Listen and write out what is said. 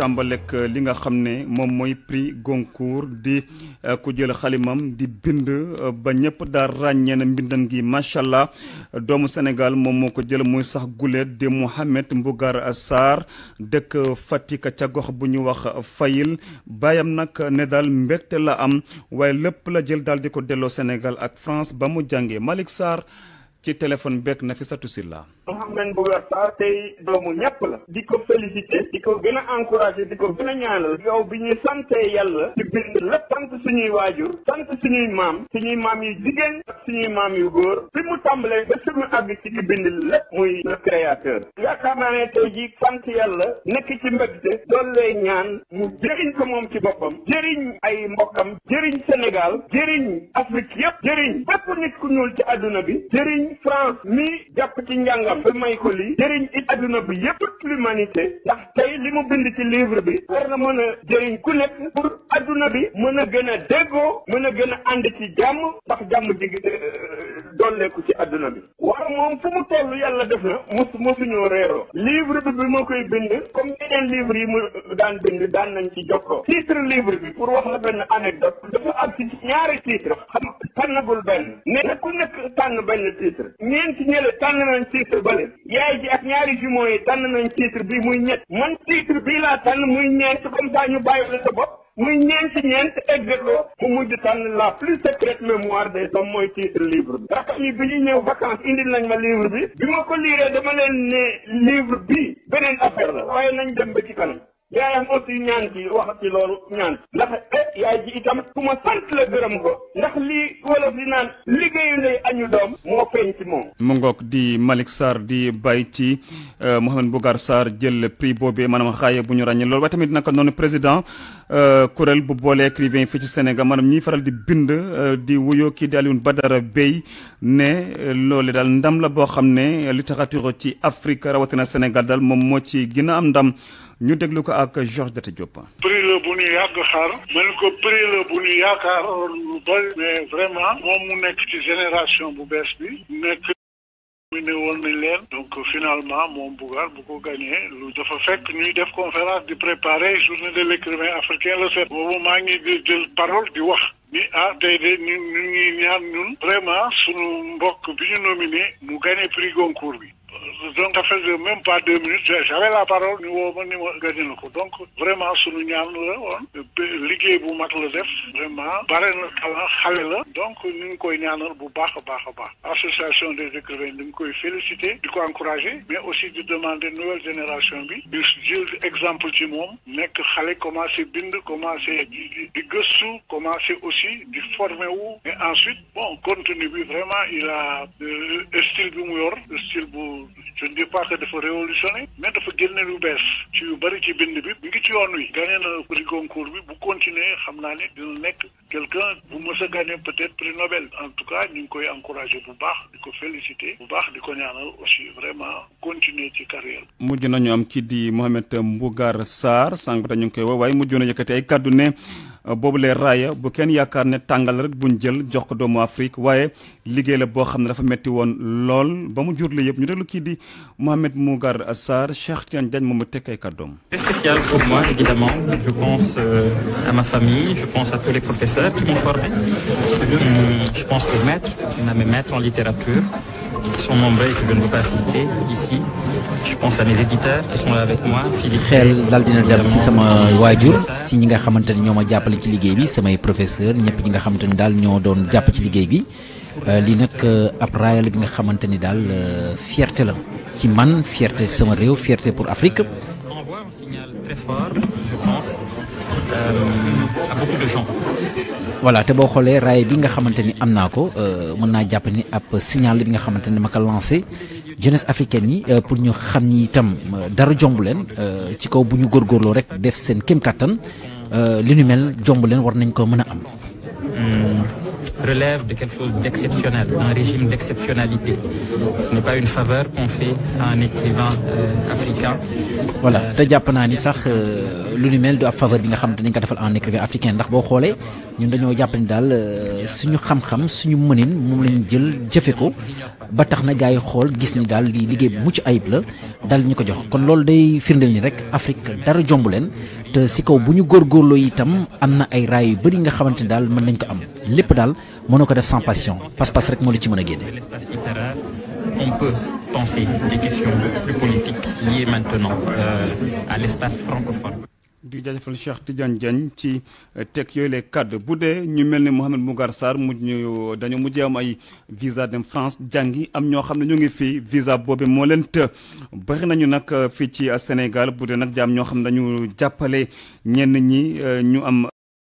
tàmbaleek euh, li nga xam ne moom mooy prix Goncourt di euh, ku jël xalimam di bind euh, ba ñëpp daal ràññee na mbindam gi macha allah doomu Sénégal moom moo ko jël muy sax guleet di Mouhamed Mbougar Sarr dëkk Fatick ca gox bu ñu wax Fayil bàyyam nag ne daal mbégte la am waaye lépp la jël daal di ko delloo Sénégal ak France ba mu jàngee Malick Sarr ci téléphone beeg Nafisatou Silla Mouhamed Mbougar Sarr tey doomu ñëpp la di ko féliciter di ko gën a encourager di ko gën a ñaanal yow bi ñu santee yàlla ci bind lépp sant suñuy waajur sant suñuy maam suñuy maam yu jigéen ak suñuy maam yu góor fi mu tàmbalee ba suñu àgg ci ki bind lépp muy le yaakaar naa ne tey ji sant yàlla nekk ci mbégte doolu lay ñaan mu jëriñ ko moom ci boppam jëriñ ay mbokkam jëriñ Sénégal jëriñ Afrique yëpp jëriñ bépp nit ku ñuul ci àdduna bi jëriñ France ba may ko lii jëriñ it adduna bi yëpp l'humanité ndax tey li mu bind ci livre bi war na mën a jëriñ ku nekk pour adduna bi mën a gën a déggoo mën a gën a ànd ci jàmm ndax jàmm ji euh, dolleeku ci adduna bi waaw moom fu mu toll yàlla def na mos mosuñoo réeroo livre bi bi ma koy bind comme yeneen livre yi mu daan bind daan nañ ci jokkoo titre livre bi pour wax la benn anecdote dafa am ci ñaari titre xam tànnagul benn nee na ku nekk tànn benn titre ñeenti ñële tànn nañ titre bële yaay ji ak ñaari jumeau yi tànn nañ titre bi muy ñett man titre bii laa tànn muy ñeent comme ça ñu bàyyi la sa bopp muy ñeenti ñeent exerlo mu mujj tànn la plus secrète mémoire des hommes mooy titre livre bi rakam yi bi ñu ñëw vacances indil nañ ma livre bi bi ma ko liiree dama leen ne livre bi beneen affaire la waaye nañ dem ba ci kanam yaayam aussi ñaan wax ci loolu ñaan yaay ji itam ku ma sant la gërëm ko ndax lii wolof li naan liggéeyu nay añu doom moo feeñ ci moom mu di Malick Sarr di bàyyi ci euh, Mouhamed Bougar Sarr jël prix boobee maanaam xaaye bu ñu ràññee loolu waaye tamit naka noonu président euh, kuréel bu boole écrivain fii ci Sénégal maanaam ñiy faral di bind euh, di wuyoo kii di Alioune Badara Bey ne loole daal ndam la boo xam ne littérature ci Afrique rawatina Sénégal daal moom moo ci gën a am ndam ñu déglu ko ak Georges que prix la bu ñu yaakaaroon lu bëri mais vraiment moom mu nekk ci génération bu bees bi nekk mu ne woon nañ leen donc finalement moom Bougane bu ko gagné lu dafa fekk ñuy def conférence di préparer journée de l'écrivain africain le sept boobu maa ngi di jël parole di wax ni ah tey de ñu ñu ngi ñaan ñun vraiment sunu mbokk bi ñu nominé mu gagné prix Goncourt bi donc affaire de même pas deux minutes j'avais la parole ñu woo ma ni ma gagné na ko donc vraiment sunu ñaan la woon liggéey bu mag la def vraiment bare na talent xale la donc ñu ngi koy ñaanal bu baax a baax a baax association des écrivains di nga koy féliciter di ko encourager mais aussi di demander nouvelle génération bi di jël exemple ci moom nekk xale commencer bind commencer di gëstu commencer aussi di former wu et ensuite bon contenu bi vraiment il a euh, style bi mu yor style je ne dis pas que dafa révolutionné mais dafa génne lu bees ci yu bëri ci bind bi mi ngi ci yoon wi gagné na prix concours bi bu continuer xam naa ne dina nekk quelqu'un bu mës a gagné peut-être prix Nobel en tout cas ñu ngi koy encouragé bu baax di ko félicité bu baax di ko ñaanal aussi vraiment continuer ci carrière mujj nañu am ci di Mohamed Mbougar Sarr sànq ñu ngi koy woo waaye mujj na yëkkati ay kàddu ne Euh, boobu lee raaya bu kenn yaakaar ne tàngal rek buñ jël jox ko doomu Afrique waaye liggéey la boo xam ne dafa metti woon lool ba mu jur li yëpp ñu déglu kii di Mohamed Mougar Sarr Cheikh Tidiane Diagne moom mu tekk ay kàddoom. C'est spécial pour moi évidemment je pense euh, à ma famille je pense à tous les professeurs qui m'ont formé euh, je pense aux maîtres on a en littérature. sont xel daal dina dem si sama waajur si ñi nga xamante ni ñoo ma jàppale ci liggéey bi samay professeur ñëpp ñi nga xamante ni daal ñoo doon jàpp ci liggéey bi euh, lii nag euh, ab raaya bi nga xamante ni daal euh, fierté la ci man fierté sama réew fierté pour Afrique. un euh, te boo xoolee raay bi nga xamante ni am naa ko euh, mën naa jàpp ni ab signal bi nga xamante ni ma ko lancé jeunesse africaine yi euh, pour ñu xam ni itam dara jomb leen ci kaw bu ñu góor góorloo rek def seen kim kàttan li nu mel jomb leen war nañ ko mën a am. relève de quelque chose d'exceptionnel, un régime d'exceptionnalité. Ce n'est pas une faveur qu'on fait un écrivain euh, africain. voilà te jàpp naa ni sax euh, lu ni mel du ab faveur bi nga xam dañ ko defal en écrivain africain ndax boo xoolee ñun dañoo jàpp ni daal euh, suñu xam-xam suñu mënin moom lañu jël jëfe ko ba tax na gars yi xool gis ni daal li liggéey bi mucc ayib la daal ñu ko jox kon loolu day firndeel ni rek Afrique dara jomb leen te si kaw bu ñu góorgóorloo itam am na ay raay yu bëri nga xamante ne daal mën nañ ko am lépp daal mënoo ko def sans passion pas-pas rek moo la ci mën a génne. on peut penser di jaajëfal Cheikh Tidiane Diagne ci eh, teg yooyu les cadres bu dee ñu mel ni Mohamed Mougar Sarr mujj ñu dañoo mujjee am ay visa dem France jàngi am ñoo xam ne ñu ngi fii visa boobe moo leen të bari nañu nag eh, fii ci Sénégal bu dee nag jaam ñoo xam ne dañu jàppale ñenn ñi eh, ñu am.